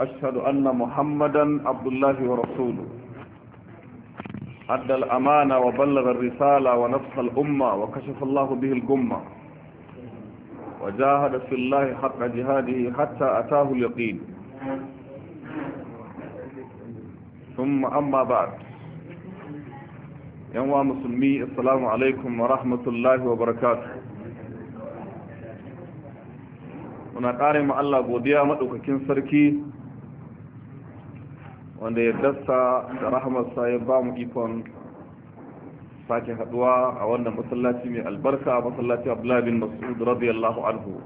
أشهد أن محمدا عبد الله ورسوله أدى الأمانة وبلغ الرسالة ونصح الأمة وكشف الله به الجمة وجاهد في الله حق جهاده حتى أتاه اليقين ثم أما بعد ينوى مسلمي السلام عليكم ورحمة الله وبركاته muna ƙare ma Allah godiya maɗaukakin sarki wanda ya dasta da rahamarsa ya ba mu ikon sake haduwa a wannan masallaci mai albarka masallaci abdullahi bin mas'ud radiyallahu anhu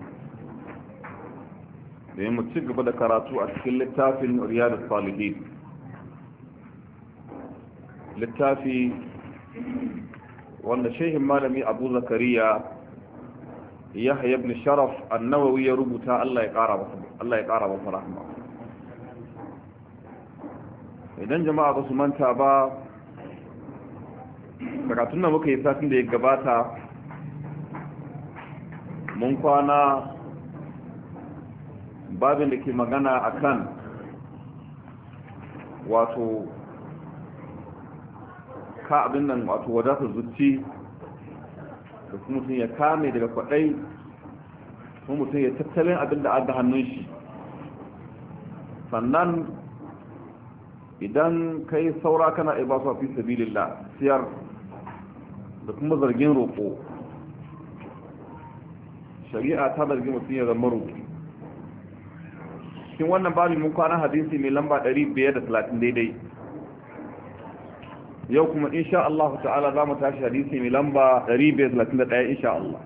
da yi mu ci gaba da karatu a cikin littafin riyadu salihin littafi wanda shehin malami abu zakariya yahya ibn sharaf annawawi ya rubuta Allah ya kara masa rahma idan jama'a ba su manta ba karatun da muka yi satin da ya gabata mun kwana babin da ke magana a kan wato ka abin nan wato wadatar zuci da kuma mutum ya kame daga kwadai kuma mutum ya tattalin abin da an da hannun shi sannan idan ka yi saura kana ibasuwa fi sabilillah siyar da kuma zargin roƙo shari'a ta zargi mutum ya zama roƙo cikin wannan babin mun kwana hadisi mai lamba 530 daidai yau kuma insha Allah ta'ala za mu tashi hadisi mai lamba 531 insha Allah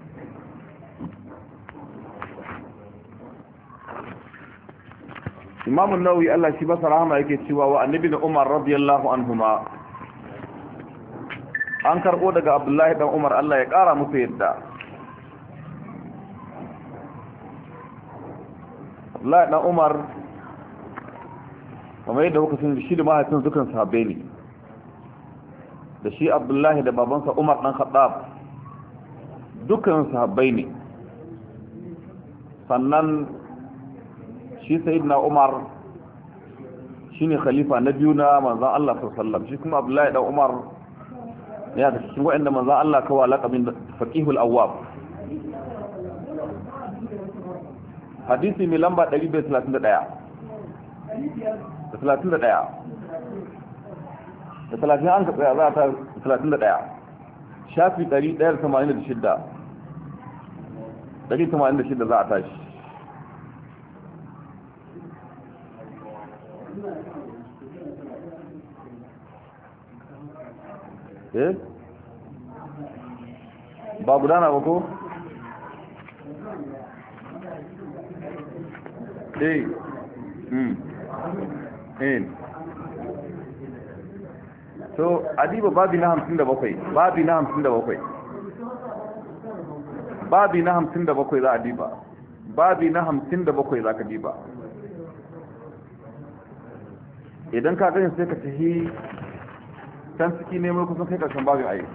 imam an-nawawi Allah shi masa rahama yake cewa wa annabi da umar radiyallahu anhuma an karbo daga abdullahi dan umar Allah ya kara musu yadda abdullahi dan umar kamar yadda kuka sani shi da mahaifin dukan sahabbai ne da shi abdullahi da babansa umar dan khattab dukan sahabbai ne sannan shi sayyidina Umar shine khalifa na biyu na manzon Allah sallallahu alaihi wasallam shi kuma Abdullahi dan Umar ya da cikin waɗanda manzon Allah kawa laqabin faqihul awwab hadisi mai lamba 131 da 31 da 30 an ka tsaya za ta 31 shafi 186 186 za a tashi eh ba gudana ba ko eh hmm. eh so adiba babi na hamsin da bakwai babi na hamsin da bakwai babi na hamsin da bakwai za a diba babi na hamsin da bakwai za ka diba idan ka gani sai ka tafi can ciki neman kusan kai karshen a ayi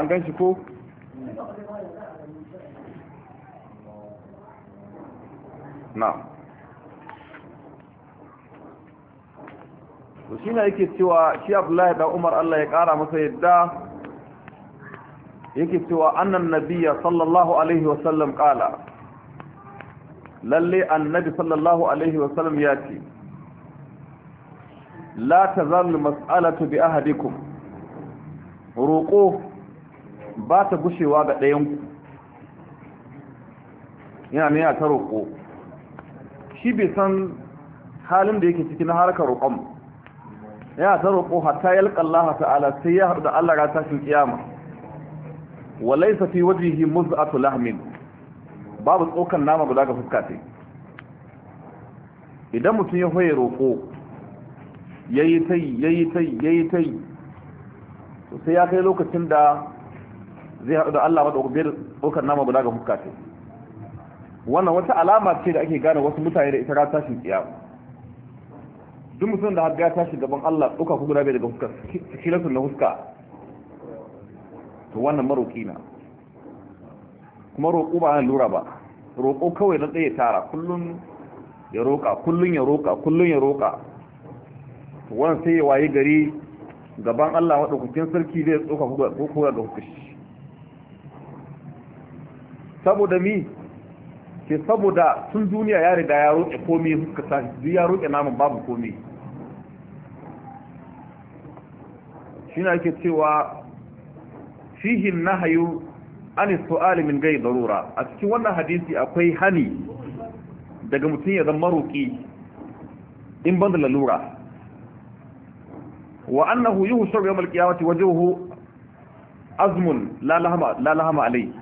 an gan shi ko? na to shi na yake cewa shi abdullahi da umar allah ya ƙara masa yadda yake cewa annan nabiya sallallahu alaihi wasallam ƙala lalle annabi sallallahu alaihi wasallam ya ce la ta zallu mas'alatu bi ahadikum roƙo ba ta gushewa ga ɗayanku yana ne a ta roƙo shi bai san halin da yake ciki na harkar roƙon ya ta roƙo hatta yalƙa Allah ta'ala sai ya haɗu da Allah ga tashin kiyama wa laysa fi wajhihi muz'atu lahmin babu tsokan nama guda ga fuska sai idan mutum ya hoye roƙo yayi tai yayi tai yayi tai to sai ya kai lokacin da zai haɗu da Allah da tsokan nama guda ga fuska sai wannan wata alama ce da ake gane wasu mutane da ita ga tashin kiyama duk mutum da haɗa ya tashi gaban Allah ɗauka ku guda bai daga huska cikinsu na huska to wannan maroƙi na kuma roƙo ba na lura ba roƙo kawai na tsaye tara kullum ya roƙa kullum ya roƙa kullum ya roƙa to wannan sai ya waye gari gaban Allah maɗaukakin sarki zai ɗauka ku da ga huska saboda mi ke saboda tun duniya ya riga ya roƙe komai suka sa duk ya roƙe namun babu komai shine ake cewa fihi nahyu an su'ali min gai darura a cikin wannan hadisi akwai hani daga mutum ya zama roƙi in ban da lalura wa annahu yuhshar yawm al-qiyamati wajhuhu azmun la lahama la lahama alai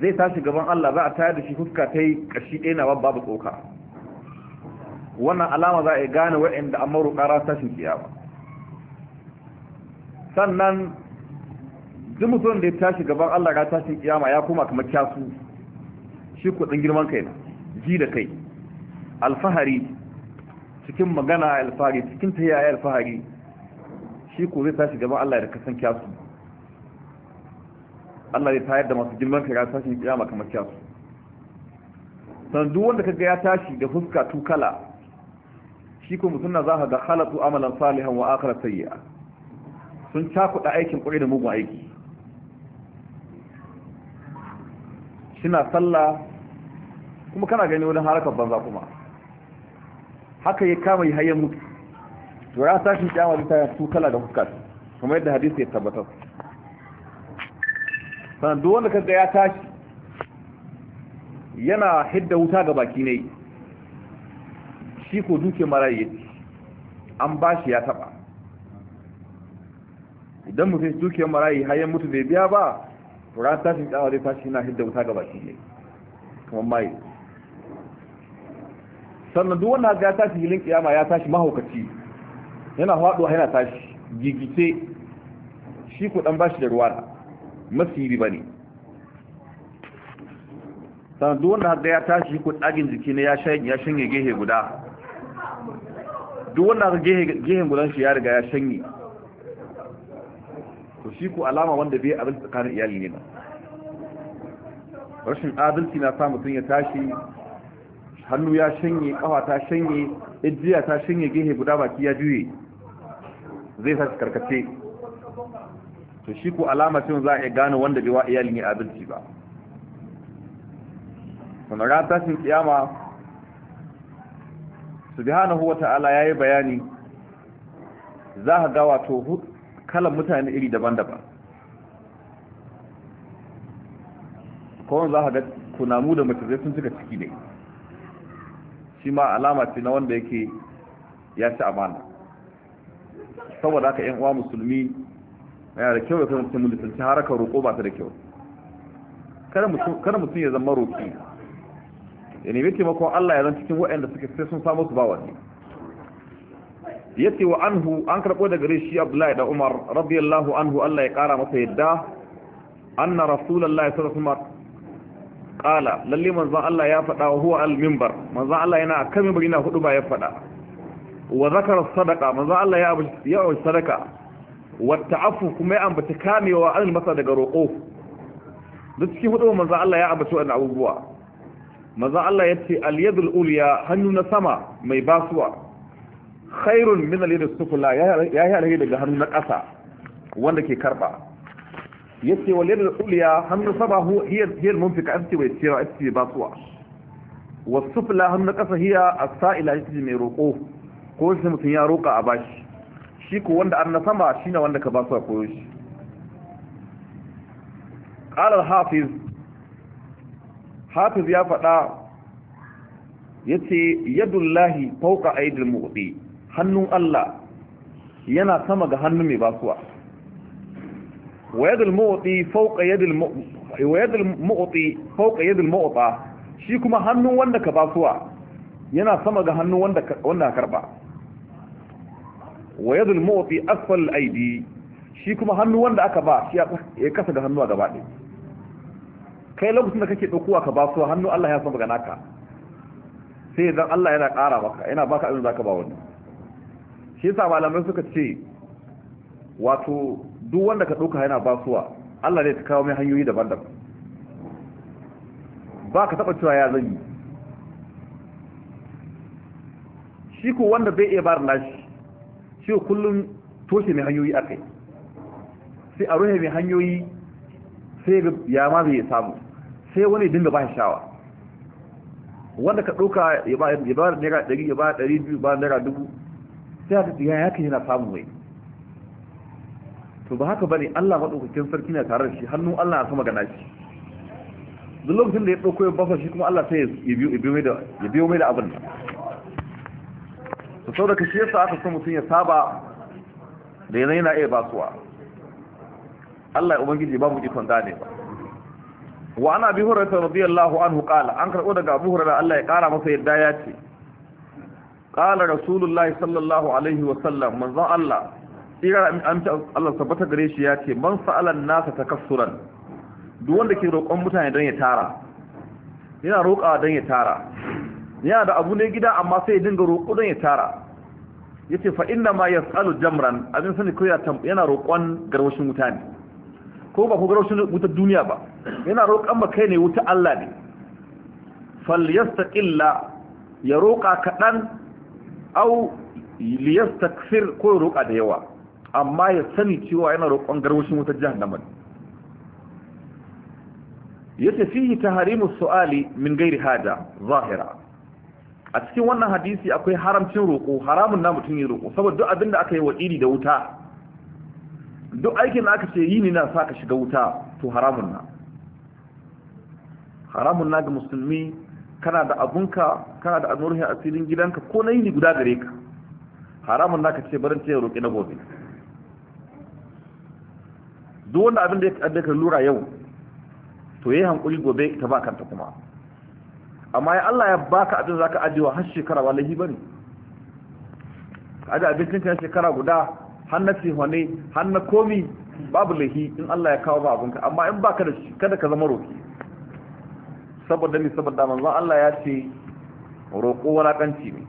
zai tashi gaban Allah za a tayar da shi fuska ta ɗaya na babu tsoka wannan alama za a gane wa'anda an maruƙa ran tashin kiyama sannan duk mutum da ya tashi gaban Allah ga tashin kiyama ya koma kamar kyasu shi kudin girman kai na ji da kai alfahari cikin magana alfahari cikin tayyaya alfahari shi ko zai tashi gaban Allah da kasan kyasu Allah zai tayar da masu girman kai ga tashin kiyama kamar kyasu san duk wanda kaga ya tashi da fuska tukala shi ko mutum na za ka ga khalatu amalan salihan wa akhirat sayyi'a sun cakuɗa aikin ƙuri da mugun aiki suna sallah kuma kana gani wani harakar banza kuma haka ya kama yi hayan mutu to ya tashi kyawa da ta kala da hukar kuma yadda hadisi ya tabbatar sannan duk wanda kaga ya tashi yana hidda wuta ga baki ne shi ko duke marayi an bashi ya taba dan mutum dukiyar marayi har ya mutu bai biya ba to ran tashin kyawa zai tashi yana hidda wuta gaba shi ne kuma mai sannan duk wannan ya tashi hilin kiyama ya tashi mahaukaci yana faduwa yana tashi gigice shi ku dan bashi da ruwa masiri ne sannan duk wannan ya tashi ku dagin jiki ne ya shanye ya gehe guda duk wannan gehe gehen gudan shi ya riga ya shanye shi ku alama wanda bai abin tsakanin iyali ne ba rashin adalci na sa mutum ya tashi hannu ya shanye kawa ta shanye ijiya ta shanye gehe guda baki ya juye zai sa karkace to shi ku alama cewa za a iya gane wanda bai wa iyali ne adalci ba kuma ran tashin kiyama subhanahu wata'ala yayi bayani za ka ga wato kalan mutane iri daban-daban kawai za a ga tunamu da zai sun cika ciki ne shi ma alama ce na wanda yake ya ci amana saboda haka yan uwa musulmi yana da kyau ya mutum mutum lisanci harakar roƙo ba ta da kyau kada mutum ya zama roƙi ya nemi taimakon Allah ya zan cikin waɗanda suke sai sun samu su ba wani yace wa anhu an karɓo daga gare shi Abdullahi da Umar radiyallahu anhu Allah ya ƙara masa yadda anna rasulullahi sallallahu alaihi wasallam qala lalle manzon Allah ya fada wa huwa al-minbar manzon Allah yana kan minbar yana hudu ba ya faɗa wa zakara sadaqa manzon Allah ya ya sadaqa wa ta'affu kuma ya ambaci kamewa an masa daga roƙo duk cikin hudu manzon Allah ya ambaci wannan abubuwa manzon Allah ya yace al-yadul ulya hannu na sama mai basuwa khairun min al sufula ya yi alheri daga hannu na ƙasa wanda ke karba yace wal yadi al-ulya hannu sabahu hiya hiya al-munfika afti wa yasira afti basuwa wa sufula hannu na ƙasa hiya as-sa'ila yace mai roƙo ko shi mutun ya roƙa a bashi shi ko wanda an na sama ne wanda ka basuwa koyo shi qala al-hafiz hafiz ya faɗa yace yadullahi fawqa aidil mu'ti hannun Allah yana sama ga hannun mai basuwa wa yadul mu'ti fawqa yadil wa yadul mu'ti shi kuma hannun wanda ka basuwa yana sama ga hannun wanda wanda karba wa yadul mu'ti asfal aidi shi kuma hannun wanda aka ba shi ya kasa ga hannuwa gaba ɗaya kai lokacin da kake ɗaukowa ka basuwa hannu Allah ya sama ga naka sai dan Allah yana ƙara maka yana baka abin da ka ba wani shi yasa malamai suka ce wato duk wanda ka ɗauka yana basuwa Allah ne ta kawo mai hanyoyi daban-daban ba ka taɓa cewa ya zan shi ko wanda bai iya bar nashi shi kullum toshe mai hanyoyi a kai sai a ruhe mai hanyoyi sai ya ma zai samu sai wani dinga ba shawa wanda ka ɗauka ya ba naira ɗari ya ba ɗari biyu ba naira dubu sai ga ya yake yana samu wai to ba haka bane Allah madaukakin sarki na tare da shi hannu Allah ya sama gana shi duk lokacin da ya dauko ya basa shi kuma Allah sai ya biyo mai da ya biyo mai da abin to saboda kashi yasa aka so mutum ya saba da yanayi na iya basuwa Allah ya ubangiji ba mu ikon gane ba wa ana bi hurairah radiyallahu anhu qala an karbo daga abu hurairah Allah ya kara masa yadda ya ce qala rasulullahi sallallahu alaihi wa sallam manzon Allah tsira amince Allah tabbata gare shi ya ce man sa'ala an-nasa takassuran duk wanda ke roƙon mutane don ya tara yana roƙawa don ya tara yana da abu ne gida amma sai ya dinga roƙo don ya tara yace fa inna ma yas'alu jamran abin sani ko yana roƙon garwashin wuta ne ko ba ko garwashin wutar duniya ba yana roƙon ba kai ne wuta Allah ne Fal falyastaqilla ya roƙa kaɗan au takfir ko roƙa da yawa amma ya sani cewa yana roƙon garwashin wutar jahannama yace fihi taharimu su'ali min ghairi haja zahira a cikin wannan hadisi akwai haramcin roƙo haramun na mutum ya roƙo saboda duk abin da aka yi wa iri da wuta duk aikin da aka ce yi ne na sa ka shiga wuta to haramun na haramun na ga musulmi kana da abunka kana da annurhi a filin gidanka ko na yini guda gare ka haramun naka ce barin ce roƙi na gobe duk wanda abin da ka lura yau to yayi hankuli gobe ta ba kanta kuma amma ya Allah ya baka abin zaka ajiyewa har shekara wallahi bane ajiye abincin ka shekara guda har na sihwane har na komi babu lahi in Allah ya kawo ba abinka amma in baka da shi kada ka zama roƙi saboda ne saboda manzon Allah ya ce roƙo kanci ne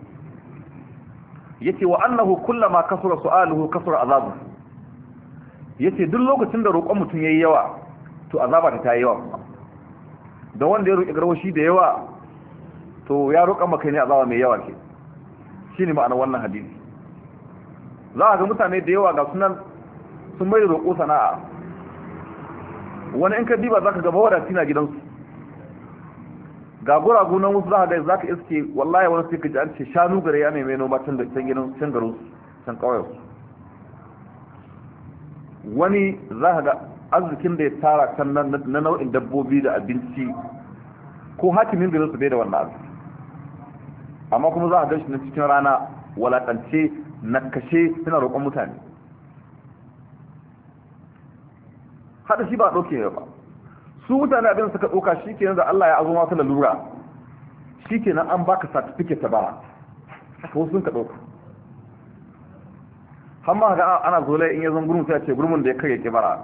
yace wa annahu kullama kasura su'aluhu kasura azabu yace duk lokacin da roƙon mutum yayi yawa to azaba ta yi yawa da wanda ya roƙi garwashi da yawa to ya roƙa maka ne azaba mai yawa ke shine ma'anar wannan hadisi za a ga mutane da yawa ga sunan sun mai roƙo sana'a wani in ka diba zaka ga mawadati na gidansu ga guragu nan wasu za ga za ka iske wallahi wani sai ka ji an ce shanu gare ya neme noma can da can garin can kawai wani za ka ga arzikin da ya tara can na nau'in dabbobi da abinci ko hakimin garin su bai da wannan arziki amma kuma za ka gan shi na cikin rana walakance kashe suna roƙon mutane haɗa shi ba ɗauke ba su mutane abin suka ɗauka shi ke da Allah ya azo masu lalura shi ke an baka certificate ba haka wasu sun ka ɗauka hamma ga ana zolaya in ya zan gurmun ya ce gurmun da ya karye ke bara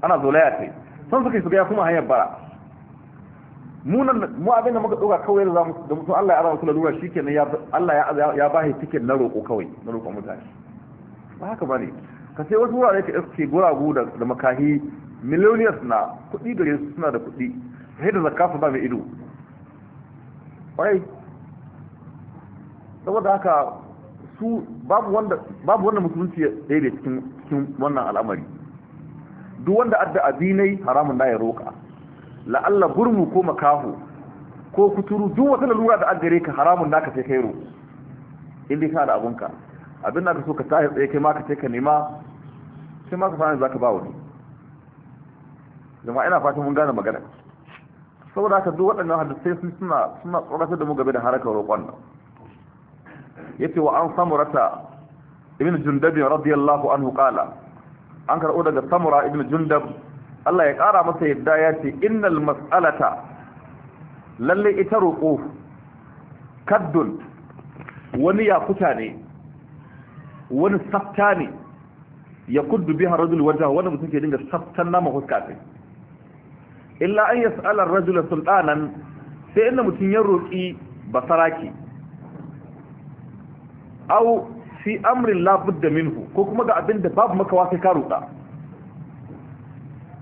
ana zolaya sai sun suka yi su gaya kuma hanyar bara munan mu abin da muka ɗauka kawai da zamu da mutum Allah ya azo masu lalura shi ke Allah ya ya ba shi ticket na roƙo kawai na roƙon mutane ba haka bane ka sai wasu wurare ka iske guragu da makahi millionaires na kudi gare su suna da kudi sai da zakka ba mai ido kwarai saboda haka su babu wanda musulunci ɗaya da cikin wannan al'amari duk wanda adda abinai haramun da ya roƙa, la'alla gurmu ko makahu ko kuturu duk wata lalura da aggare ka haramun ka sai kai ro inda ka da abunka abin da ka so ka tsaye tsaye kai ma ka sai ka nema sai ma ka fara za ka ba wani jama'a ina fatan mun gane magana saboda haka duk waɗannan hadisai sun suna suna tsoratar da mu game da harakar roƙon nan yace wa an samurata ibn jundab radiyallahu anhu qala an karɓo daga samura ibn jundab Allah ya ƙara masa yadda ya ce innal mas'alata lalle ita roƙo kaddun wani yakuta ne wani safta ne ya kuddu biha rajul wajha wani mutum ke dinga saftan nama huska kai illa an yas'ala ar rajul sultanan sai inda mutum ya roki basaraki aw fi amri la budda minhu ko kuma ga abinda babu makawa sai ka roka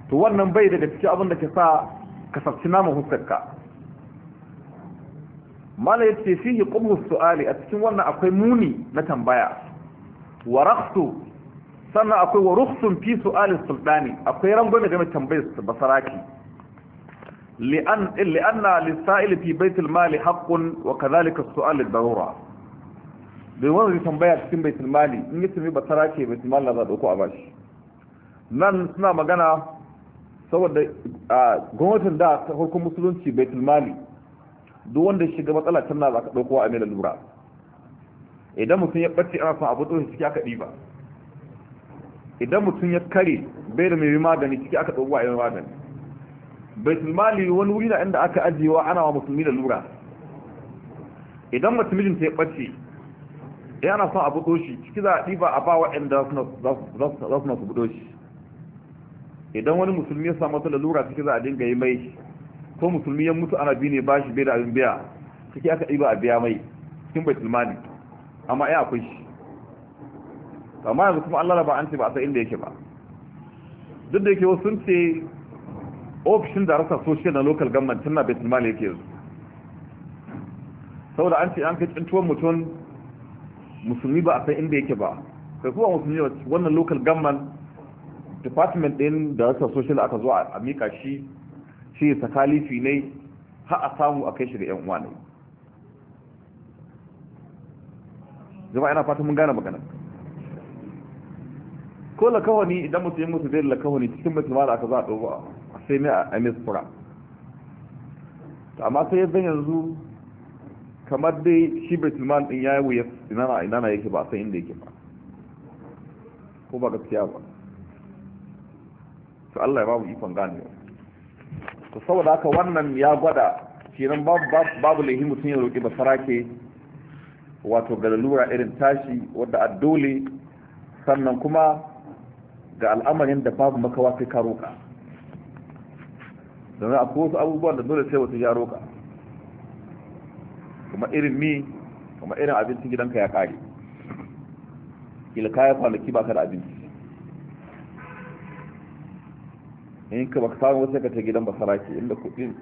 to wannan bai daga cikin abin da ke sa ka sabci naman hukunka mala ya ce fihi qubhu su'ali a cikin wannan akwai muni na tambaya wa sannan akwai wa rukhsun fi su'ali sultani akwai rangon da game tambayar basaraki لأن لأن للسائل في بيت المال حق وكذلك السؤال للضرورة bai wanda zai tambaya cikin baitul mali in yi tumi ba tara ke baitul mali za dauko a nan suna magana saboda gwamnatin da ta farkon musulunci baitul mali duk wanda ya shiga matsala can na ka dauko a mai lura idan mutum ya bace ana son abu tsohon ciki aka ɗiba idan mutum ya kare bai da magani ciki aka dauko a yin magani baitul mali wani wuri na inda aka ajiyewa ana wa musulmi da lura idan musulmi ta ya ɓace yana son a buɗo shi ciki za a ɗiba a ba waɗanda za su na su buɗo shi idan wani musulmi ya samu wata lura ciki za a dinga yi mai ko musulmi ya mutu ana biyu ne ba shi bai da abin biya ciki aka ɗiba a biya mai cikin baitul mali amma ya akwai shi amma yanzu kuma Allah ba an ce ba a san inda yake ba duk da yake wasu sun ce ofishin darakta social na local government tana betul mali yake yanzu saboda an ce an kai cintuwar mutum musulmi ba a san inda yake ba kai kuma musulmi ba wannan local government department din darakta social aka zo a mika shi shi lifi ne ha a samu a kai shi da yan uwa ne zama ina fata mun gane magana ko lakawani idan mutum ya mutu zai lakawani cikin mutum da aka za a ɗauka sai mai a miskura amma sai yanzu yanzu kamar dai shi betulman din ya yi wuya inana inana yake ba sai inda yake ba ko ba gaskiya ba to Allah ya babu ikon gani to saboda haka wannan ya gwada kenan babu laihi mutum ya roƙi ba sarake wato ga lura irin tashi wadda addole sannan kuma ga al'amarin da babu makawa sai ka roƙa don a wasu abubuwan da dole sai wata ya roka kuma irin mi kuma irin abincin gidanka ya kare ilka ya kwanaki baka da abinci in ka baka samu wasu ka gidan basara ke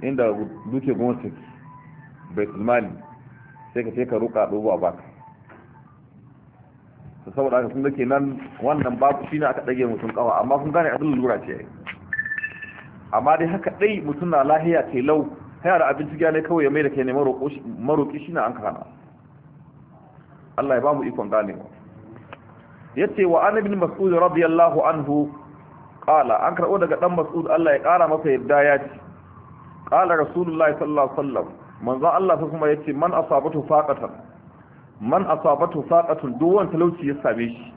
inda duke su bai tulmani sai ka ce ka roka abubuwa baka saboda aka sun da ke nan wannan babu shi ne aka ɗage mutum kawa amma sun gane abin lura ce amma dai haka dai mutum na lahiya ce lau yana da abinci gane kawai ya mai da ke ne maroƙi shi na an kana Allah ya ba mu ikon wa ya ce wa anabin mas'ud radiyallahu anhu kala an karɓo daga ɗan mas'ud Allah ya ƙara masa yadda ya ci ƙala rasulullahi sallallahu sallam manzan Allah ta kuma ya ce man asabatu faƙatan man asabatu faƙatun duk wani talauci ya same shi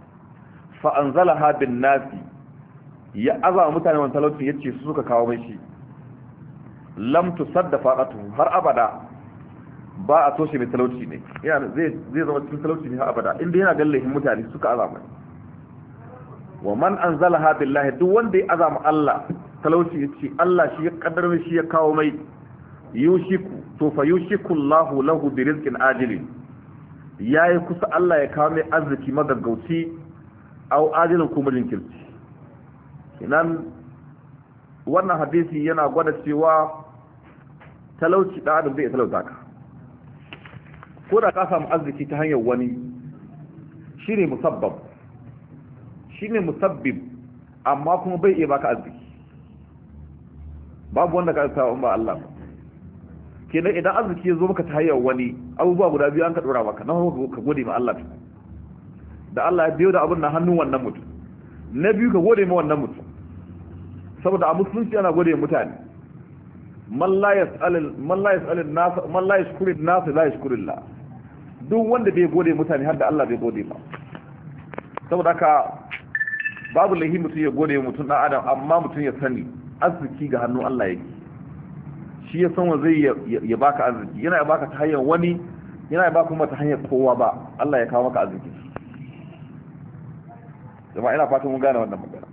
fa anzalaha bin nasi ya azama mutane wani talauci ya ce su suka kawo mai shi lam sadda faɗatu har abada ba a toshe mai talauci ne zai zama cikin talauci ne har abada inda yana gallahin mutane suka mai. wa man an haɗin lahi duk wanda ya azama Allah talauci ya ce, Allah shi ya kaddara shi ya kawo mai yushiku to fa yushiku Allahu lahu bi rizqin ajilin yayi kusa Allah ya kawo mai arziki magaggauci au ajilin kuma jinkirci inan wannan hadisi yana gwada cewa talauci da adam zai talauta ka ko da ka samu arziki ta hanyar wani shine musabbab shine musabbib amma kuma bai iya baka arziki babu wanda ka sa ba Allah kenan idan arziki ya zo maka ta hanyar wani abubuwa guda biyu an ka dora maka na farko ka gode ma Allah da Allah ya biyo da abun na hannun wannan mutum na biyu ka gode ma wannan mutum saboda a musulunci ana gode mutane man la yas'alin nasa man la yashkurin la duk wanda bai gode mutane har da Allah bai gode ba saboda ka babu lahi mutum ya gode mutum na adam amma mutum ya sani arziki ga hannun Allah yake shi ya san wa zai ya baka arziki yana ya baka ta hanyar wani yana ya baka kuma ta hanyar kowa ba Allah ya kawo maka arziki jama'a ina fatan mun gane wannan magana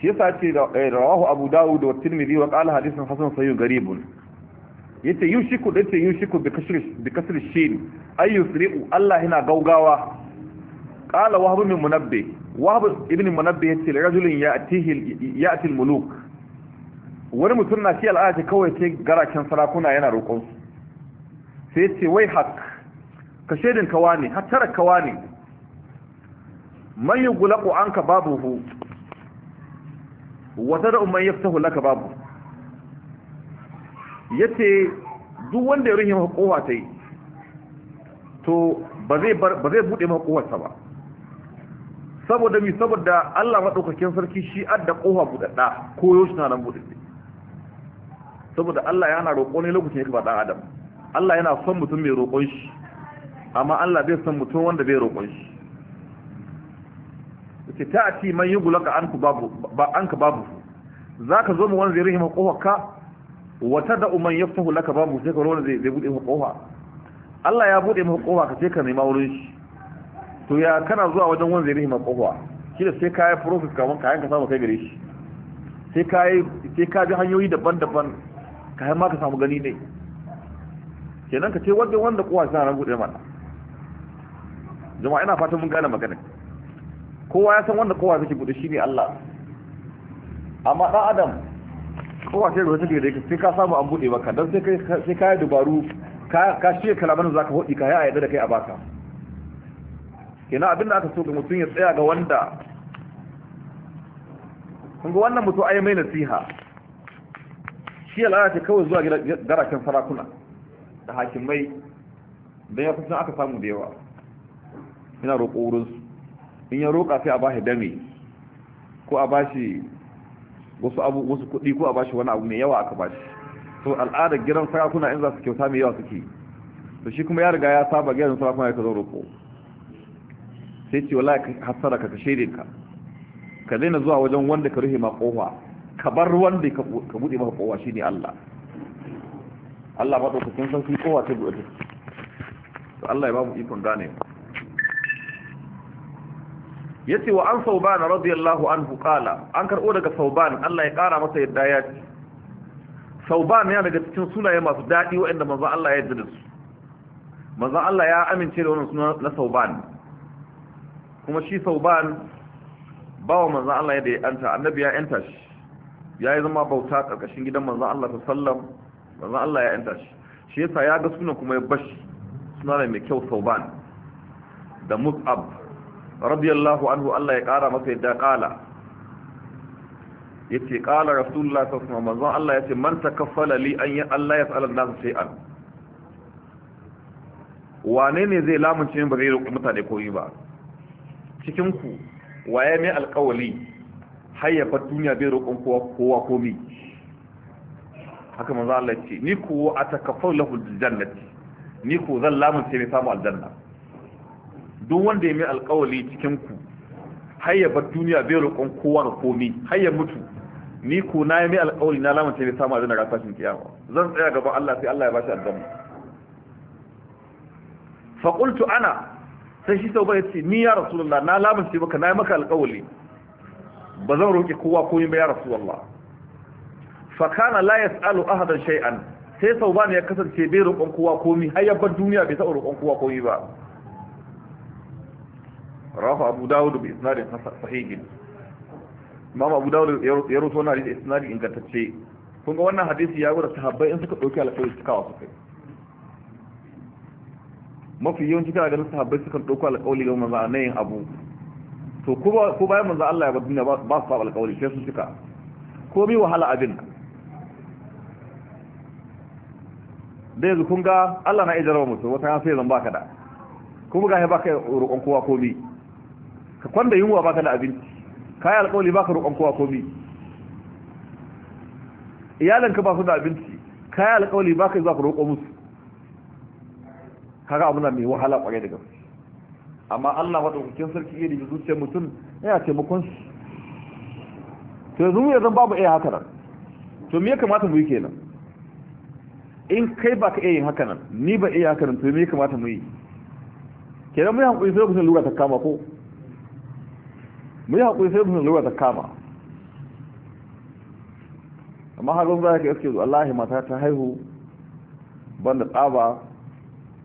shi yasa ce eh, rawahu abu dawud wa tirmidhi wa qala hadithun hasan sayyid Garibun. yace yushiku dace yushiku bi kasr bi kasr shin ay yusri'u Allah yana gaugawa qala wahab min munabbih wahab ibn munabbih yace rajulin ya'tihi ya'ti al-muluk wani mutum na shi al'ada kawai ce garaken sarakuna yana roƙon su sai yace wai hak ka shedin kawani ne hattara kawa man yugulaqu anka babuhu wata da umman yaftahu laka babu yace duk wanda ya rufe makowa ta tai to ba zai ba zai bude maka ba saboda mi saboda Allah madaukakin sarki shi adda kowa budadda ko yoshi na nan budadda saboda Allah yana roƙo ne lokacin ya ba dan adam Allah yana son mutum mai roƙon shi amma Allah bai son mutum wanda bai roƙon shi ki ta'ati man yughlaq anku babu ba anka babu zaka zo mu wani zai rihima kofarka wa tad'u man yaftahu laka babu sai ka rona zai bude mu kofa Allah ya bude mu kofa ka sai ka nema wurin shi to ya kana zuwa wajen wani zai rihima kofa shi da sai kai profit kaman kayan ka samu kai gare shi sai kai sai ka bi hanyoyi daban-daban kayan ma ka samu gani ne kenan ka ce wanda wanda kowa sai ran buɗe mana jama'a ina fatan mun gane magana kowa ya san wanda kowa zai shi ne Allah amma ɗan adam kowa sai ruwa take da yake sai ka samu an bude maka don sai ka yi dubaru ka ka shi kalaman zaka hodi ka a yadda da kai a baka kina abinda aka so ga mutum ya tsaya ga wanda kun ga wannan mutum ai mai nasiha shi al'ada kawai zuwa garafin sarakuna da hakimai don ya kusan aka samu da yawa ina roƙo wurinsu in ya roƙa sai a shi dami ko a bashi wasu abu wasu kuɗi ko a bashi wani abu mai yawa aka bashi to al'adar gidan sarakuna in za su kyauta mai yawa suke to shi kuma ya riga ya saba gidan sarakuna ya ka zo roƙo sai ce wala ka hasara ka kashe ka ka daina zuwa wajen wanda ka rufe ma kofa ka bar wanda ka buɗe maka kofa shine Allah Allah ɗaukacin sarki kowa ta buɗe ta Allah ya ba mu ikon gane yace wa an sauban radiyallahu anhu qala an karbo daga sauban Allah ya kara masa yadda ya ci sauban yana daga cikin sunaye masu dadi waɗanda manzo Allah ya yarda da su manzo Allah ya amince da wannan suna na sauban kuma shi sauban bawa manzo Allah ya da ya anta annabi ya anta shi yayi zama bauta karkashin gidan manzo Allah sallallahu manzo Allah ya anta shi shi yasa ya ga sunan kuma ya bashi suna mai kyau sauban da mus'ab radiyallahu anhu Allah ya kara masa yadda kala yace kala rasulullah sallallahu alaihi wasallam manzon Allah yace man takaffala li an ya Allah ya sa'al nas shay'an wane ne zai lamunce ba zai roƙi mutane koyi ba cikin ku waye mai alƙawali hayyafa duniya bai roƙon kowa kowa komi haka manzon Allah yace ni ku atakaffala lahu jannati ni ku zan lamunce mai samu aljanna duk wanda ya mai alƙawali cikin ku bar duniya bai roƙon kowa da komi hayya mutu ni ko na yi mai alƙawali na lamance bai samu azana ranar tashin kiyama zan tsaya gaban Allah sai Allah ya bashi aljanna fa qultu ana sai shi tauba ya ce ni ya rasulullah na lamance maka na yi maka alƙawali ba zan roƙi kowa komi ba ya rasulullah fa kana la yas'alu ahadan shay'an sai tauba ne ya kasance bai roƙon kowa komi hayya ya bar duniya bai taɓa roƙon kowa komi ba rawahu abu dawud bi isnadin امام ابو abu يروي ya rubuta wannan ان كانت تشي kun ga wannan hadisi ya gura sahabbai in suka dauki alƙawari suka wasu kai mafi yawanci kana ganin sahabbai suka dauko alƙawari ga manzo Allah yin abu to ko bayan manzo Allah ya bar duniya ba su saba alƙawari sai su suka ko bi wahala abin da yanzu kun ga Allah na iya mutum wata ya sai zan baka da kuma ga ya baka roƙon kowa bi ka kwanda yunwa baka da abinci ka yi ba baka roƙon kowa komi iyalinka ba su da abinci ka yi alƙawali yi za ka roƙo musu kaga abu na mai wahala ƙwarai da gaske amma Allah madaukakin sarki ya rubuta zuciyar mutum yana taimakon shi to yanzu mu yanzu babu iya haka nan to me ya kamata mu yi kenan in kai ba ka iya yin haka nan ni ba iya haka nan to me ya kamata mu yi kenan mu yi haƙuri, sai san lura ta kama ko mu yi haƙuri sai mutum lura ta kama amma harin za ka iske zuwa Allah mata ta haihu banda tsaba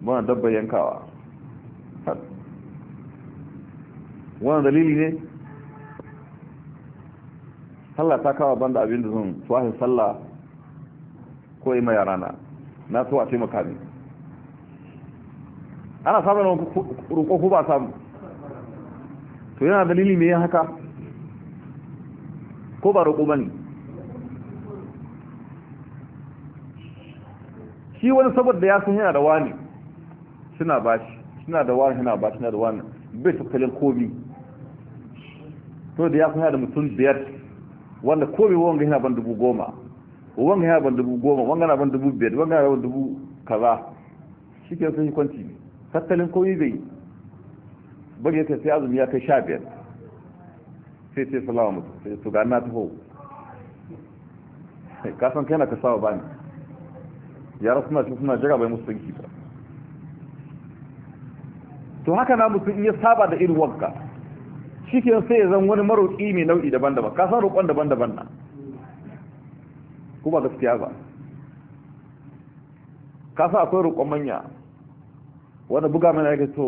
bana dabba yankawa wani dalili ne sallah ta kawo banda abin da sun suwahin sallah ko ima yarana na so a taimaka ne ana samun roƙo ko ba samun to yana dalili me haka ko ba roƙo bane shi wani saboda ya san yana da wani suna bashi suna da wani suna bashi suna da wani bai kalin komi to da ya san yana da mutum biyar wanda komi wanga yana ban dubu goma wanga yana ban dubu goma wanga na ban dubu biyar wanga na ban dubu kaza shi ke sun yi kwanci tattalin komi bai yi bari ya sai azumi ya kai sha biyar sai sai salawa mutu sai su gana taho kasan kai na ka sawa bani yara suna cikin suna jira bai musu sunki ba to haka na mutum iya saba da irin wanka shi ke sai ya zan wani maroƙi mai nau'i daban-daban kasan roƙon daban-daban na kuma gaskiya ba kasa akwai roƙon manya wanda buga mana yake to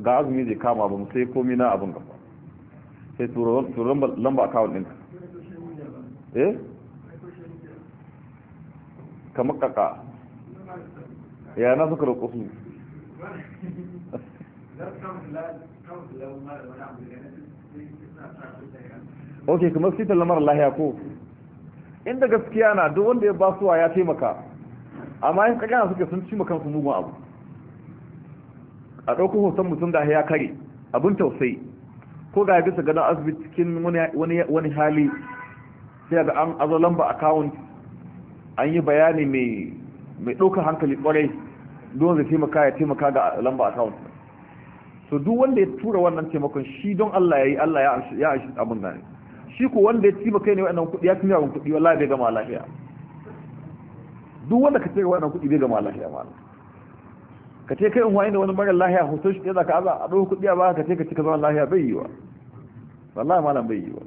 ga azumi zai kama ba sai komi na abin gaba sai turon lamba account ɗinka eh kamar kaka ya na suka roƙo su ok kamar sitar lamar lahiya ko inda gaskiya na duk wanda ya basuwa ya taimaka amma yin kakana suke sun ci makansu mugun abu a ɗauko hoton mutum da ya kare abin tausayi ko ga bisa ganin asibiti cikin wani hali sai ga an azo lamba account an yi bayani mai ɗaukar hankali ƙwarai don zai taimaka ya taimaka ga lamba account so duk wanda ya tura wannan taimakon shi don Allah ya yi Allah ya shi abin gane shi ko wanda ya taimaka ne wannan kuɗi ya tuna wannan kuɗi wallahi bai gama lafiya duk wanda ka ce wannan kuɗi bai gama lafiya malam ka ce kai unwani da wani mara lahiya hoton shi da ka aza a ɗauka kuɗi a ba ka ce ka cika zaman lahiya bai yi wa wallahi malam bai yi wa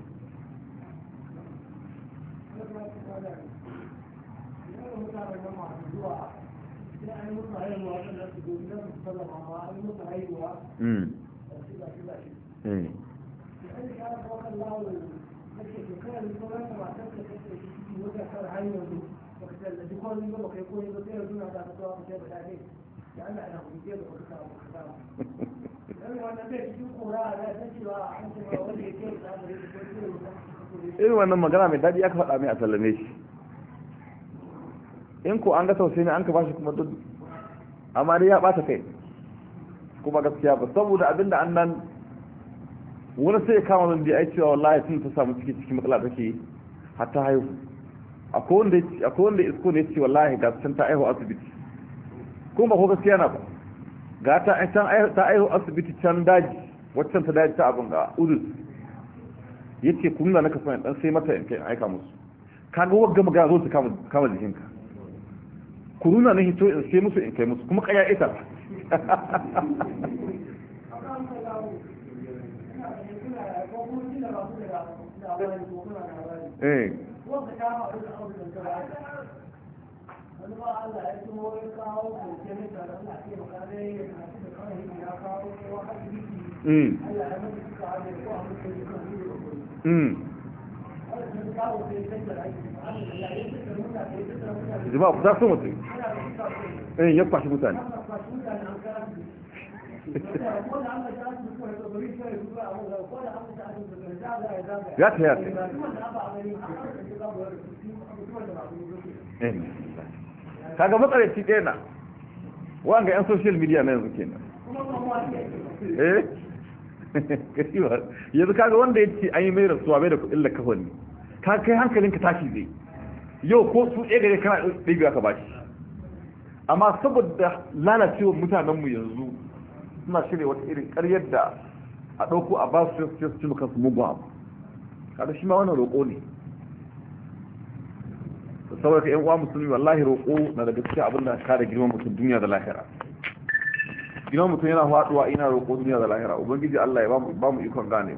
Thank you. irin wannan magana mai daɗi aka faɗa mai a sallame shi in ko an ga sosai ne an ka ba shi kuma duk amma dai ya ɓata kai kuma gaskiya ba saboda abinda an nan wani sai kama zan biya cewa wallahi sun ta samu ciki ciki matsala ke hatta haihu akwai wanda isko ya ce wallahi ga sun ta haihu asibiti kuma ba ko gaskiya na ba ga ta ta aiho asibiti can daji waccan ta daji ta abin ga udus yace kun na naka son dan sai mata in kai aika musu kaga wagga magana zo su kama kama jikinka kuruna ne hito in sai musu in kai musu kuma kaya ita eh wani ba Allah ya kuma ya kawo koke ne da Allah ke makare ya kasu da kawai ya kawo kowa har biki mm. Allah ya mutu ka ne ko a mutu ya kawo ne mm. da kuma Jama'a ku taso mutum. Eh ya kwashi mutane. Ya ta ya ta. kaga ci ɗaya na wanga 'yan social media na yanzu kenan eh? yanzu kaga wanda ya ce an yi mai rasuwa mai da kuɗin kafa ne ka kai hankalinka tashi zai yau ko su ɗaya gare kana ɗiga ka bashi amma saboda lalacewar mutanenmu yanzu suna shirya wata irin ƙaryar da a ɗauko a ba su sai su ci kansu mugun abu kada shi ma wannan roƙo ne saboda yan uwa musulmi wallahi roƙo na daga cikin abin da kare girman mutum duniya da lahira girman mutum yana faɗuwa ina roƙo duniya da lahira ubangiji Allah ya ba mu ikon gane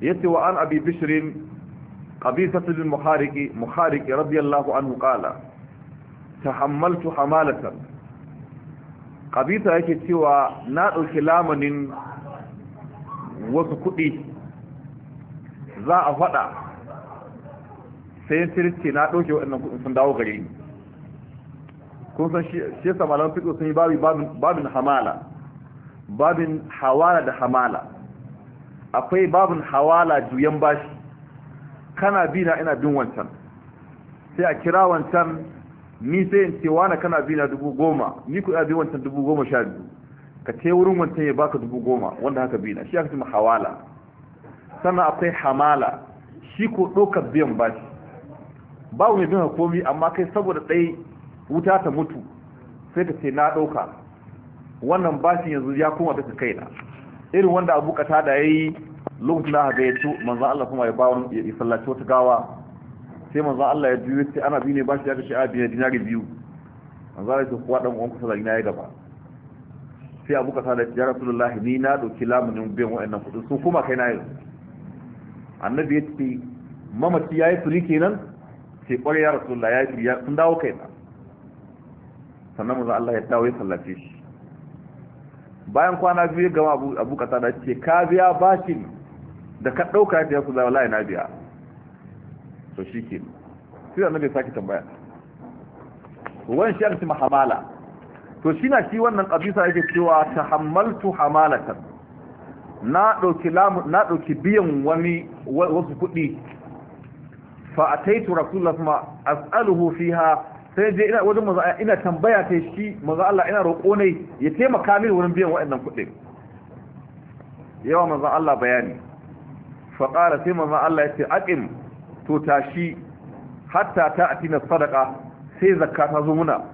yace wa an abi bishrin qabisa bin muhariki muhariki radiyallahu anhu qala tahammaltu hamalatan qabisa yake cewa na dauki lamanin wasu kuɗi za a faɗa sai yin tiristi na ɗauke waɗannan kuɗin sun dawo gare ni kun san shi yasa malaman fito sun yi babin hamala babin hawala da hamala akwai babin hawala juyan bashi kana bi na ina bin wancan sai a kira wancan ni sai in cewa na kana bi na dubu goma ni kuɗa bi wancan dubu goma sha biyu ka ce wurin wancan ya baka dubu goma wanda haka bi na shi aka ce hawala sannan akwai hamala shi ko ɗaukar biyan bashi babu mai bin komi amma kai saboda ɗai wuta ta mutu sai ta ce na ɗauka wannan bashin yanzu ya kuma daga na irin wanda abu kata da ya yi lokacin da haka ya ci manzan Allah kuma ya ba wani ya sallaci wata gawa sai manzan Allah ya biyu sai ana biyu ne bashi ya kashe a biyar dinari biyu manzan Allah ya kuwa ɗan uwan kusa zagina ya gaba sai abu kata da ya rasulullahi ni na ɗauki lamunin biyan wa'annan kuɗin sun kuma kai na yanzu annabi ya ce mamaci ya yi suri kenan ce ƙwarai ya rasulullah ya yi sun dawo kai na sannan maza Allah ya dawo ya sallace shi bayan kwana biyu gama abu abu kasa da ce ka biya bashin da ka ɗauka ya su zawo lai na biya to shi shike sai annabi sake tambaya wani shi anti mahamala to shi na shi wannan kabisa yake cewa tahammaltu hamalatan na dauki na ɗauki biyan wani wasu kuɗi. fa ataitu rasulullah kuma as'aluhu fiha sai je ina wajen manzo ina tambaya ta shi maza Allah ina roƙo ne ya taimaka min wurin biyan waɗannan kuɗi yawa maza Allah bayani fa qala sai maza Allah ya ce aƙin to tashi hatta ta'tina sadaka sai zakka ta zo muna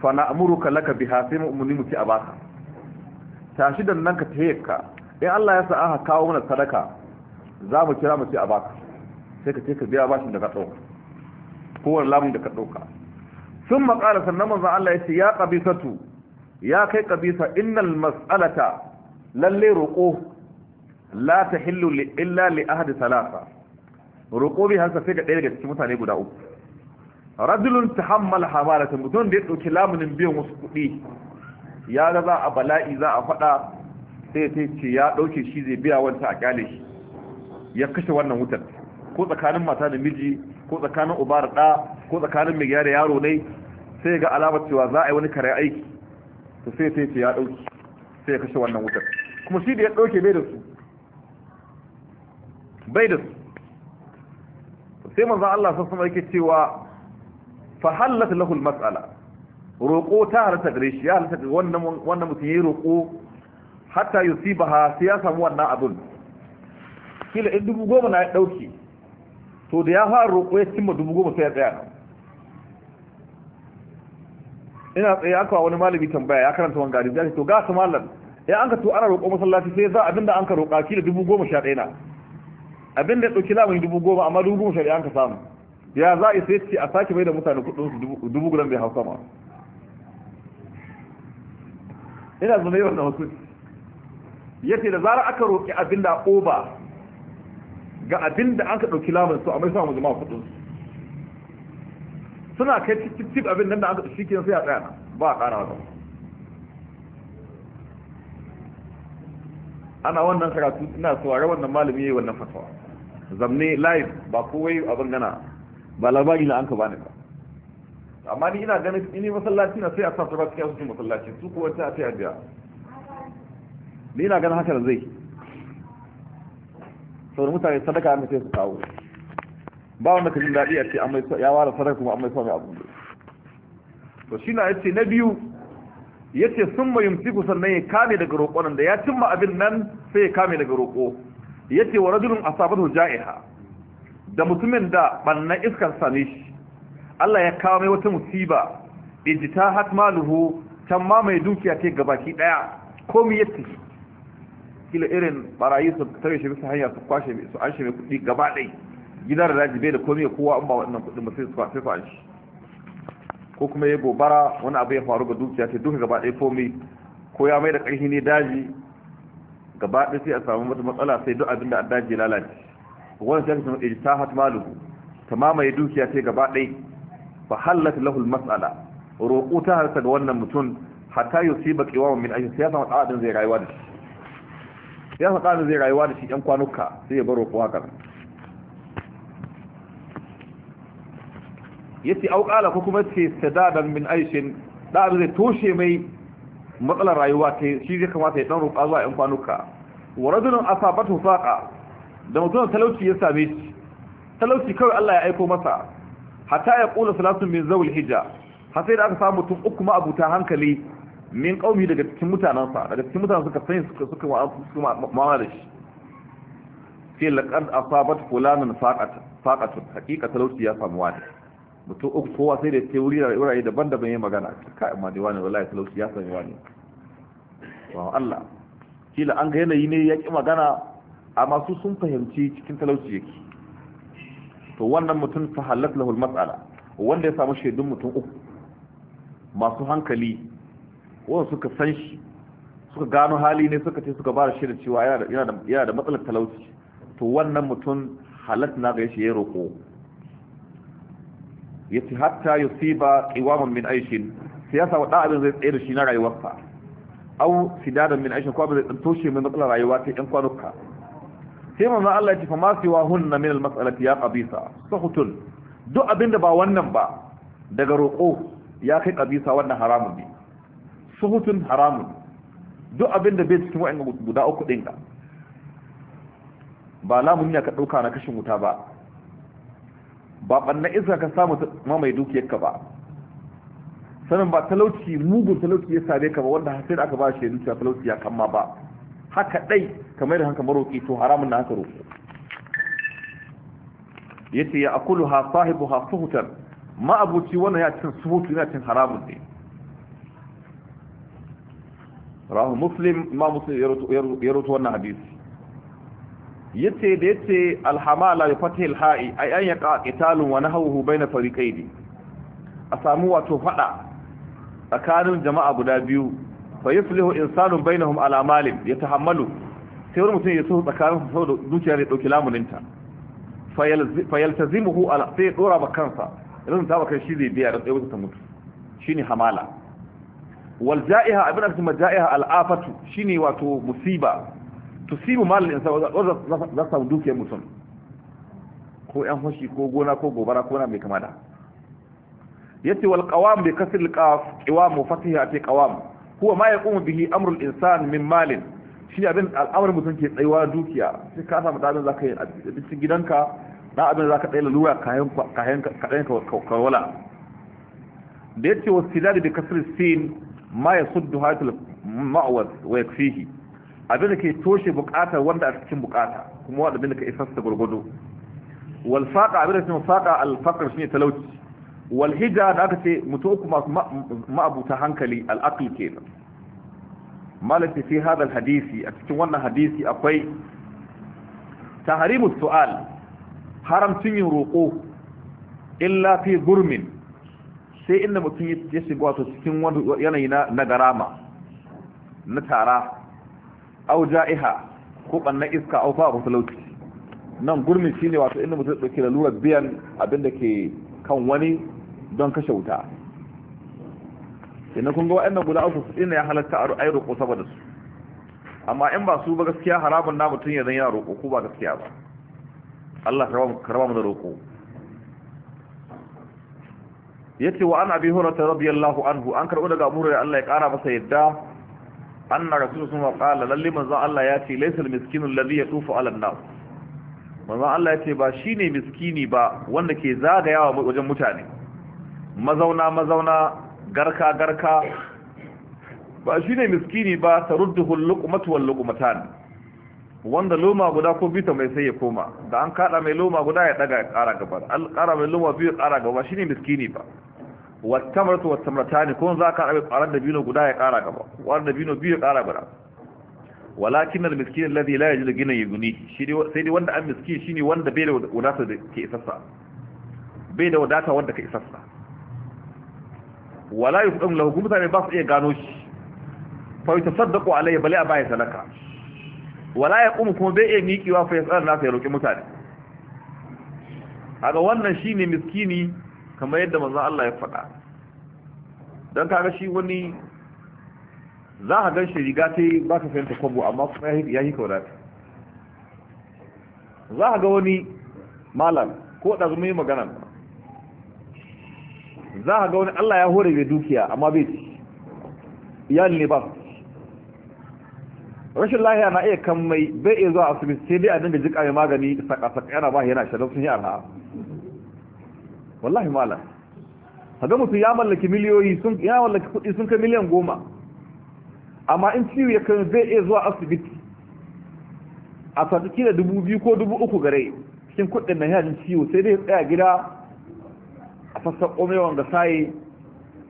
fa ka laka biha sai mu mu ci a baka tashi da nan ka tayyaka in Allah ya sa aka kawo mana sadaka za mu kira mu ci a baka sai ka ce ka biya bashin da ka ɗauka kowar lamun da ka ɗauka sun makara sannan manzan Allah ya ce ya ƙabisatu ya kai ƙabisa innal mas'alata lalle roƙo la ta illa li ahadi salasa roƙo bai hansa sai ka ɗaya daga cikin mutane guda uku rajulun tahammal hamalatan mutum da ya ɗauki lamunin biyan wasu kuɗi ya ga za a bala'i za a faɗa sai ya ce ya ɗauke shi zai biya wanta a kyale shi ya kashe wannan wutar ko tsakanin mata da miji ko tsakanin uba da ɗa ko tsakanin mai gyara yaro ne sai ga alamar cewa za a yi wani kare aiki to sai sai ce ya ɗauki sai ya kashe wannan wutar kuma shi da ya ɗauke bai da su bai da su sai manzan Allah sun sama yake cewa fa hallata lahul mas'ala roƙo ta halatta gare shi ya halatta ga wannan mutum ya roƙo hatta yusibaha sai ya samu wannan abun kila in dubu goma na ya ɗauke to da ya fara roƙo ya cimma dubu goma sai ya tsaya ina tsaye aka wani malami tambaya ya karanta wani gari zai to ga su malam ya an ka to ana roƙo masallaci sai za abinda an ka roƙa shi da dubu goma sha ɗaya na abinda ya ɗauki lamun dubu goma amma dubu goma sha ɗaya an ka samu ya za a sai ce a sake mai da mutane kuɗin su dubu goma bai hausa ma ina zama yawan na wasu ya ce da zarar aka roƙi abinda oba ga abin da an ka ɗauki lamun su a mai samun jama'a kudin su suna kai cikin abin nan da an ka ɗauki kenan sai a tsaya ba a ƙara wata ana wannan karatu ina saurare wannan malami yi wannan fatawa zamne live ba kowai abin gana ba labari na an ka bani ba amma ni ina ganin ini masallaci na sai a sa su ba su kyau su masallaci su kuwa ta ta biya ni ina ganin haka da zai saboda mutane sadaka an sai su kawo ba wanda ka jin daɗi a ce an ya ware sadaka kuma amma ya so mai abu to shi na yace na biyu yace sun mai yumsiku sannan ya kame daga roƙo nan da ya cimma abin nan sai ya kame daga roƙo yace wa rajulun asabatu ja'iha da mutumin da bannan iskar sami shi Allah ya kawo mai wata musiba ijtahat maluhu tamma mai dukiya ce gabaki daya komai yace kila irin barayi su tare shi bisa hanya su kwashe su an shi mai kuɗi gaba ɗai gidan da daji bai da komai kowa an ba wannan kuɗin ba sai su an shi ko kuma ya gobara wani abu ya faru ga dukiya sai duka gaba ɗai komai ko ya mai da ƙarfi ne daji gaba ɗai sai a samu mata matsala sai duk abin da daji lalace wannan sai ta hat malu ta mamaye dukiya sai gaba ɗai fa hallat lahu mas'ala roƙo ta harsa ga wannan mutum hatta yusiba qiwaman min ajli sai ya samu tsadin zai rayuwa da shi ya sa ɗanin zai rayuwa da shi ‘yan kwanuka sai ya baro kuwa kan ya ce ko kuma ce sadadan min aishin da abu zai toshe mai matsalar rayuwa ta shi zai kamata ya dan roƙa zuwa ‘yan kwanuka wa rajulun asabatu faqa da mutum talauci ya same shi talauci kawai Allah ya aiko masa hatta ya qula salatun min zawil hijja hasai da aka samu mutum uku ma abuta hankali min qaumi daga cikin mutanansa daga cikin mutanen suka sai suka suka ma'amala da shi sai laqad asabat fulanan faqata faqatun haqiqa talauci ya samu wani mutum uku kowa sai da teori da wurare daban-daban yayin magana kai amma da wani wallahi talauci ya samu wani wa Allah kila an ga yanayi ne ya magana amma su sun fahimci cikin talauci yake to wannan mutum fa halat lahu al-mas'ala wanda ya samu shaidun mutum uku masu hankali wa suka san shi suka gano hali ne suka ce suka ba da shi da cewa yana da matsalar talauci to wannan mutum halatta na ga shi ya roƙo ya ce hatta ya fi ba ƙiwaman min aishin siyasa wa ɗa'abin zai tsaye da shi na rayuwarsa au sidadan min aishin kwabin zai toshe mai matsalar rayuwa ta ƴan kwanuka sai mamman Allah ya ce fa masu yawa hunna min al-mas'alati ya qabisa sahutun duk abinda ba wannan ba daga roƙo ya kai ƙabisa wannan haramun ne suhutun haramun duk abin da bai cikin wa'in guda uku ɗin ka ba lamun ya ka ɗauka na kashin wuta ba ba ɓanna iska ka samu dukiyar dukiyarka ba sanin ba talauci mugun talauci ya same ka ba wanda sai aka ba shi zuciya talauci ya kama ba haka ɗai kamar da haka maroki to haramun na haka roƙo yace ya akulu ha sahibu ha suhutan ma abuci wannan ya cin suhutu ya cin haramun ne rahu muslim ma muslim ya rutu wannan hadisi yace da yace alhamala ya fatih alha'i ay an yaqa qitalun wa nahawhu bayna fariqaini a samu wato fada tsakanin jama'a guda biyu fa yuslihu insanun bainahum ala malin yatahammalu sai wani mutum ya so tsakanin su saboda zuciya ne dauki lamuninta fa yaltazimuhu ala sai dora ba kansa idan ta ba shi zai biya da tsaye ta mutu shine hamala wal ja'iha abin da kuma ja'iha al'afatu shine wato musiba tusibu malal insa wa za ta duke mutum ko yan hoshi ko gona ko gobara ko na mai kama da yace wal qawam bi kasr al qaf qawam fatiha fi qawam huwa ma yaqumu bihi amru al insan min malin shi abin al'amarin mutum ke tsayuwa dukiya sai ka samu dadin zaka yi cikin gidanka da abin zaka tsaye lura kayan kayan kayan ka wala da yace wasilali bi kasr sin ma ya suddu hatul ma'awar wa yakfihi abin da ke toshe bukatar wanda a cikin bukata kuma wanda abin da ka isar ta gurgudu wal abin da ke faqa al faqr ne talauci walhija da aka ce mutu uku masu ma'abuta hankali al aql kenan malati fi hadal hadisi a cikin wannan hadisi akwai tahrimus su'al haramcin yin roƙo illa fi gurmin sai inda mutum ya shiga wato cikin yanayi na garama na tara au ja'iha ko ɓannan iska au fa'a talauci nan gurmi shi ne wato inda mutum ya ɗauki lalurar biyan abin da ke kan wani don kashe wuta ina kun ga wa'annan guda uku su ina ya halatta a ai roƙo saboda su amma in ba su ba gaskiya haramun na mutum ya zan yana roƙo ko ba gaskiya ba Allah karba mu da roƙo yace wa an abi hurairah radiyallahu anhu an karbo daga abu da Allah ya kara masa yadda anna rasulullah sallallahu alaihi wasallam manzo Allah ya ce laysa al-miskinu alladhi yatufu ala an-nas manzo Allah ya ce ba shine miskini ba wanda ke zagayawa wajen mutane mazauna mazauna garka garka ba shine miskini ba tarudduhu al-luqmatu wal-luqmatan wanda loma guda ko bita mai sai ya koma da an kada mai loma guda ya daga ya kara gaba al kara mai loma biyu ya kara gaba shine miskini ba watamratu watamratani kun za ka rabe karar da bino guda ya kara gaba wanda bino biyu ya kara gaba walakin al miskin alladhi la yajidu gina yuguni shine sai dai wanda an miski shine wanda bai da wadata da ke isassa bai da wadata wanda ke isassa wala yuqam lahu kuma sai ba su iya gano shi fa yatasaddaqu alayhi bali a baya salaka wala ya kuma kuma bai iya miƙewa fa ya tsara nasa ya roƙi mutane kaga wannan shine miskini kamar yadda manzon Allah ya faɗa dan kaga shi wani za ka gan shi riga ta yi ba ka fahimta kwabo amma kuma ya yi kaurata za ka ga wani malam ko yi magana za ka ga wani Allah ya hore mai dukiya amma bai ci. iyali ne ba su rashin lahiya na iya kan mai bai iya zuwa asibiti sai dai a dinga jika mai magani saka-saka yana ba yana shaɗar sun yi arha wallahi mala ga mutum ya mallaki miliyoyi sun ya mallaki kuɗi sun kai miliyan goma amma in ciwo ya kan zai iya zuwa asibiti a fatiki da dubu biyu ko dubu uku gare cikin kuɗin na yajin ciwo sai dai tsaya gida a sassaƙo ƙome wanga saye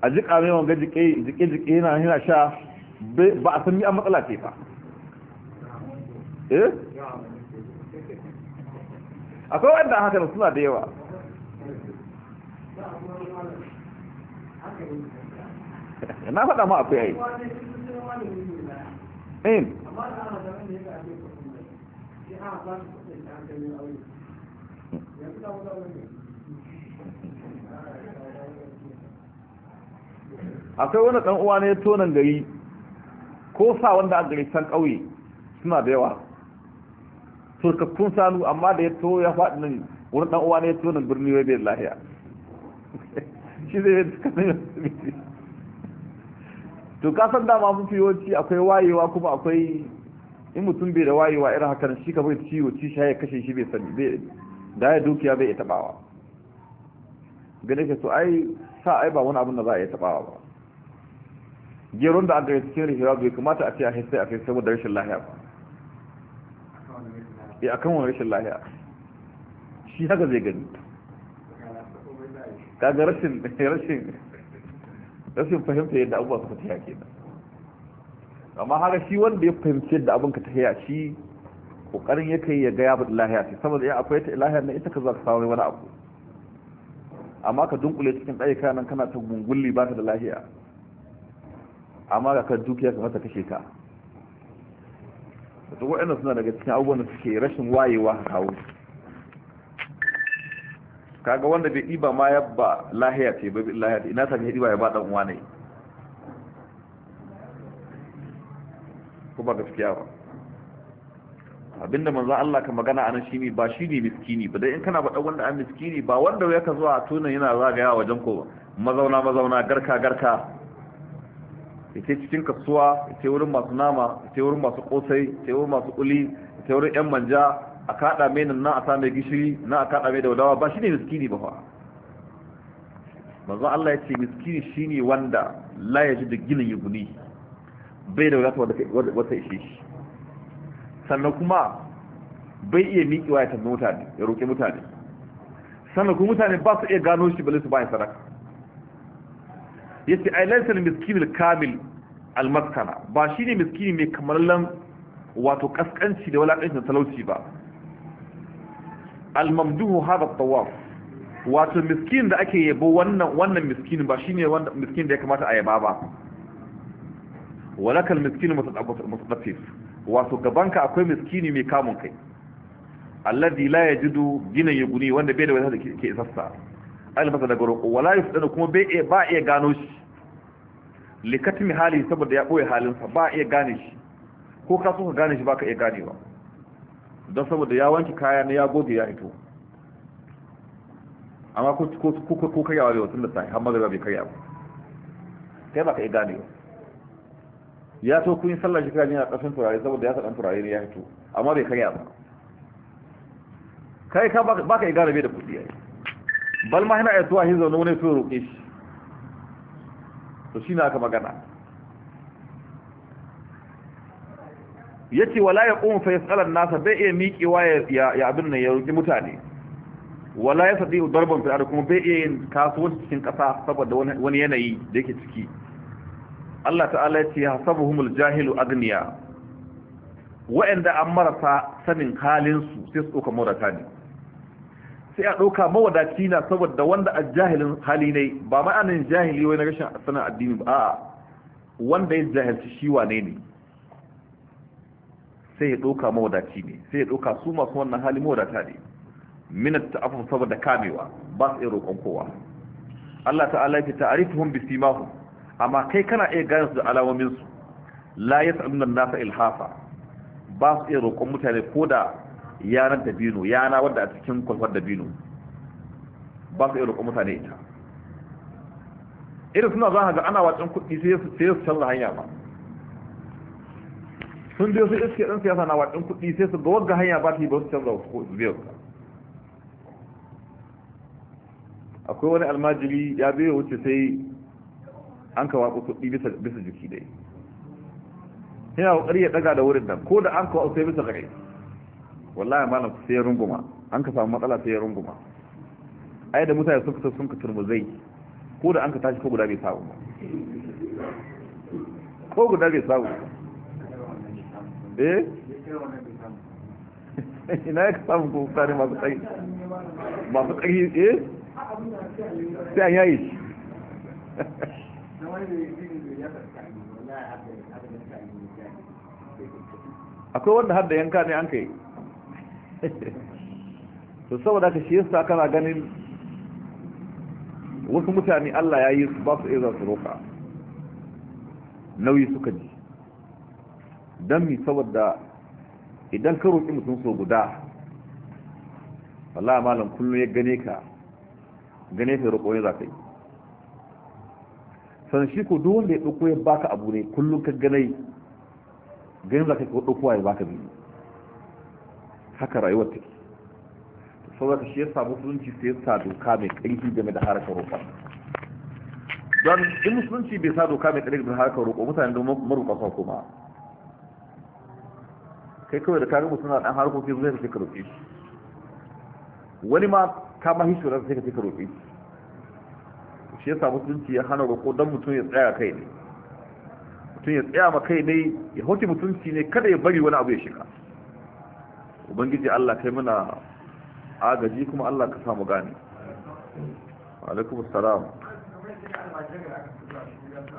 a jiƙa mai wanga jiƙe jiƙe yana yana sha ba a san mi an matsala ce ba eh akwai wanda haka suna da yawa na faɗa ma akwai ai in eh. akwai wani ɗan uwa ne tonan gari ko sa wanda a gari can ƙauye suna da yawa turkakkun sanu amma da ya to ya faɗi nan wurin ɗan uwa ne ya to nan birni wai bai lahiya shi zai yi kasan asibiti to kasan dama mun fi yawanci akwai wayewa kuma akwai in mutum bai da wayewa irin haka shi ka bai ciwo ci shi ya kashe shi bai sani bai da ya dukiya bai tabawa gane ka to ai sa ai ba wani abin da za a yi tabawa ba geron da aka yi cikin rikirar bai kamata a ce a haifai a kai saboda rashin lahiya ba ya eh, akan wani rashin lahiya shi haka zai gani kaga rashin rashin rashin fahimta yadda abubuwa suka tafiya ke nan amma haka shi wanda ya fahimci yadda abin ka tafiya shi kokarin ya kai ya ga ya lahiya sai saboda ya akwai ta lahiya na ita ka za ka samu wani abu amma ka dunkule cikin ɗaya nan kana ta gungulli ba ta da lahiya amma ga kan dukiya kamar ta kashe ka da wa'ina suna daga cikin abubuwan da suke rashin wayewa kawo kaga wanda bai ɗiba ma ya ba lahiya ce bai lahiya ce ina ta ne ɗiba ya ba ɗan uwa ne kuma gaskiya ba abinda manzo Allah ka magana anan shi ne ba shi ne miskini ba dai in kana faɗa wanda an miskini ba wanda ya ka zuwa a tunan yana zagaya wajen ko mazauna mazauna garka garka ya ce cikin kasuwa ya ce wurin masu nama ya ce wurin masu kosai ya ce wurin masu kuli ya ce wurin yan manja a kada mai nan na a same gishiri na a kada mai wadawa ba shi ne miskini ba fa manzo Allah ya ce miskini shine wanda la ya ji da ginin yuguni bai da wadata wata ishe shi sannan kuma bai iya miƙewa ya tambayi mutane ya roƙi mutane sannan kuma mutane ba su iya gano shi balle su bayan sadaka yace ai laysa miskinin kamil al-maskana ba shine miskini mai kamalan wato kaskanci da walakancin talauci ba al-mamduhu hadha at-tawaf wato miskinin da ake yabo wannan miskinin ba shine wanda miskin da ya kamata a yaba ba walakal miskin mutadaffif wato gabanka akwai miskini mai kamun kai alladhi la yajidu gina yuguni wanda bai da wata da ke isassa almasa daga roƙo wala yusdanu kuma bai ba iya gano shi Likatin hali saboda ya ɓoye halinsa ba a iya gane shi ko ka so ka gane shi ba ka iya gane ba. don saboda ya wanke kaya na ya goge ya hito amma ko ko ko kai yawa tun da sai har magana bai kai ba kai ba ka iya gane ba. ya to kun sallar shi kaji a kasan turare saboda ya sa dan turare ne ya hito amma bai kai ba kai ka ba ka iya gane bai da kudi yayi bal ma yana aitowa shi zaune wani so roƙe shi to shi na aka magana ya ce wala ya ƙun fa ya tsalar nasa bai iya miƙewa ya abin nan ya roƙi mutane wala ya sadi darban fi'ar kuma bai iya yin kasuwanci cikin ƙasa saboda wani yanayi da yake ciki Allah ta'ala ya ce ya humul jahilu agniya wa'anda an marasa sanin halinsu sai su ɗauka marata ne sai a ɗauka mawadaci na saboda wanda a jahilin hali ne ba ma'anin jahili wai na rashin sanin addini ba a wanda ya jahilci shi wane ne sai ya ɗauka mawadaci ne sai ya ɗauka su masu wannan hali mawadata ne minat afin saboda kamewa ba su iya roƙon kowa Allah ta'ala ya hun bisi mahu amma kai kana iya gane su da alamomin su la yas'aluna nan nasa ilhafa ba su iya roƙon mutane ko da yanar dabino yana wadda a cikin kwalfar dabino ba su iya mutane ita irin suna za ga ana watsan kuɗi sai su canza hanya ba sun biyo su iske ɗin siyasa na watsin kuɗi sai su ga hanya ba su yi ba su canza su biyo su akwai wani almajiri ya biyo wuce sai an ka waƙo kuɗi bisa jiki dai yana kokari ya daga da wurin nan ko da an ka sai bisa gare wallahi malam sai ya runguma an ka samu matsala sai ya runguma ai da mutane sun fita sun ka turmuzai ko da an ka tashi ko guda bai samu ko guda bai samu eh ina ka samu ko tsari masu ba masu tsari eh sai an yayi akwai wanda har da yanka ne an kai to saboda ka shi yasa kana ganin wasu mutane Allah ya yi su ba su iya su roƙa nauyi suka ji don mi saboda idan ka roƙi mutum so guda Allah malam kullum ya gane ka gane ka roƙo ne za ka yi sannan shi ko duk wanda ya ɗauko ya baka abu ne kullum ka gane gani za ka yi ko ɗaukowa ya baka biyu haka rayuwar take saboda shi yasa musulunci sai yasa doka mai ƙarfi game da harkar roƙon don in musulunci bai sa doka mai ƙarfi game da harkar roƙo mutane don maruƙa sa kuma kai kawai da kare musulunci ɗan harkoki zuwa ka ka roƙe shi wani ma ka ma hishi da sai ka ka roƙe shi shi yasa musulunci ya hana roƙo don mutum ya tsaya kai ne mutum ya tsaya ma kai ne ya hoti mutunci ne kada ya bari wani abu ya shiga ubangiji Allah kai muna agaji kuma Allah ka samu gane alaikum assalam